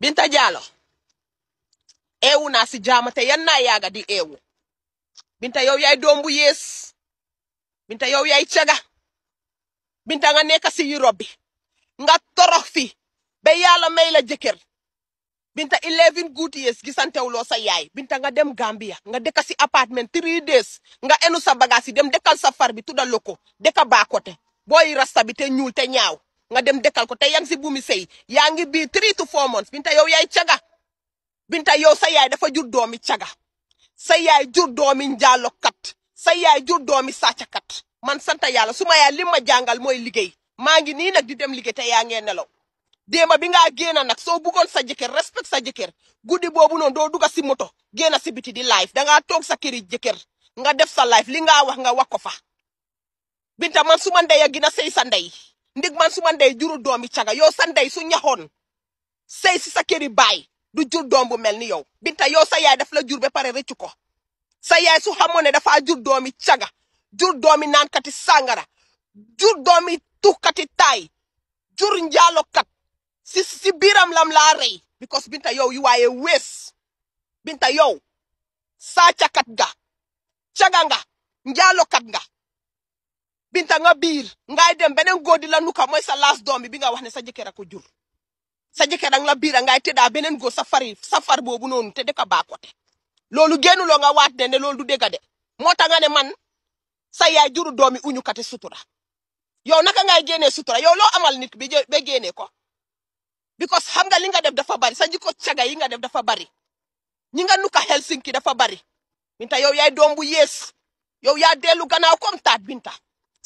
Binta Diallo eewu naa si jaama te yan naa yaaga di eewu Binta yow yaay doom bu yees Binta yow yaay caga Binta nga nekk si Europe nga torox fi ba yàlla may la jëkkër Binta 11 good years gisantewuloo sa yaay Binta nga dem Gambia nga dëkk si apartment 3 days nga enu sa bagage yi dem dëkkal sa far bi tuddaloo ko dëkk baa booy rasta bi te ñuul te ñaaw. nga dem dekal ko tay yang si bumi sey yaangi bi 3 three to four months binta yow yaay caga binta yow sa yaay dafa jur doomi caga sa yaay jur doomi njaalo kat sa yaay jur doomi sàcca kat man santa yalla suma yaay li ma jàngal mooy liggéey di dem liggey tay yaangi nelo dema bi nga génn nak so bugon sa jeker respect sa jeker gudi bobu non do duga ci moto ci biti di life, nga tok sa keri jeker nga def sa life li nga wax nga wakofa fa binta man suma ndey gina sey sa ndey ndig man su ma ndey jur doom caga yow sa ndey su ñaxoon sëy si sa këri baay du jur doom bu mel ni yow Binta yow sa yaay daf la jur ba pare rëccu ko sa yaay su xamoon ne dafaa jur doomi caga jur doomi naankati sàngara jur doomi tuxkati taay jur njaalokat si si biiram lam laa rey Binta yow yu waaye wees Binta yow saacakat nga caga nga njaalokat nga binta nga ngaidem ngay dem benen godi la nuka moy sa las domi bi nga wax ne sa jëkkër ko jur sa safari safar bobu non te deka ba côté genu lo nga wat ne ne du dega de mota nga ne man sa yaay juru domi uñu kate sutura yo naka ngay gene sutura yow lo amal nit bi be gene ko because xam nga li nga def dafa bari sa jikko ciaga yi nga def dafa bari ñi nga nuka Helsinki dafa bari binta yow yaay yes, yo yow ya delu gannaaw comme tat binta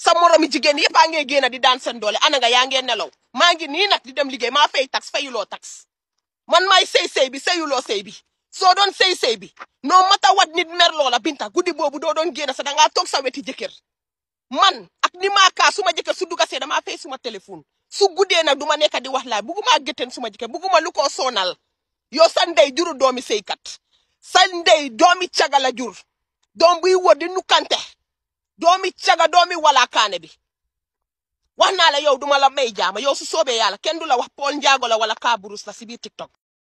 sa moromi jigen yépp a ngee di daan sen doole ana nga ya ngee nelaw ma ngi ni nak di dem liggey ma fay tax lo tax man may sey sey bi lo sey bi so don sey sey bi no mata wad nit mer binta gudi bobu do don génn sa nga tok sa weti man ak ni ma ka suma ma su dugasee dama fay suma téléphone su guddee nak duma ma nekk di wax la buguma gétteen suma jëkkër buguma lu ko soonal yow sa juru domi sey kat ndey doomi caga jur dom buy doomi caga doomi walaakaane bi wax naa la yow duma la may jaama yow su soobee yàlla kenn du la wax Paul Njaago la wala Kaburus la si biir TikTok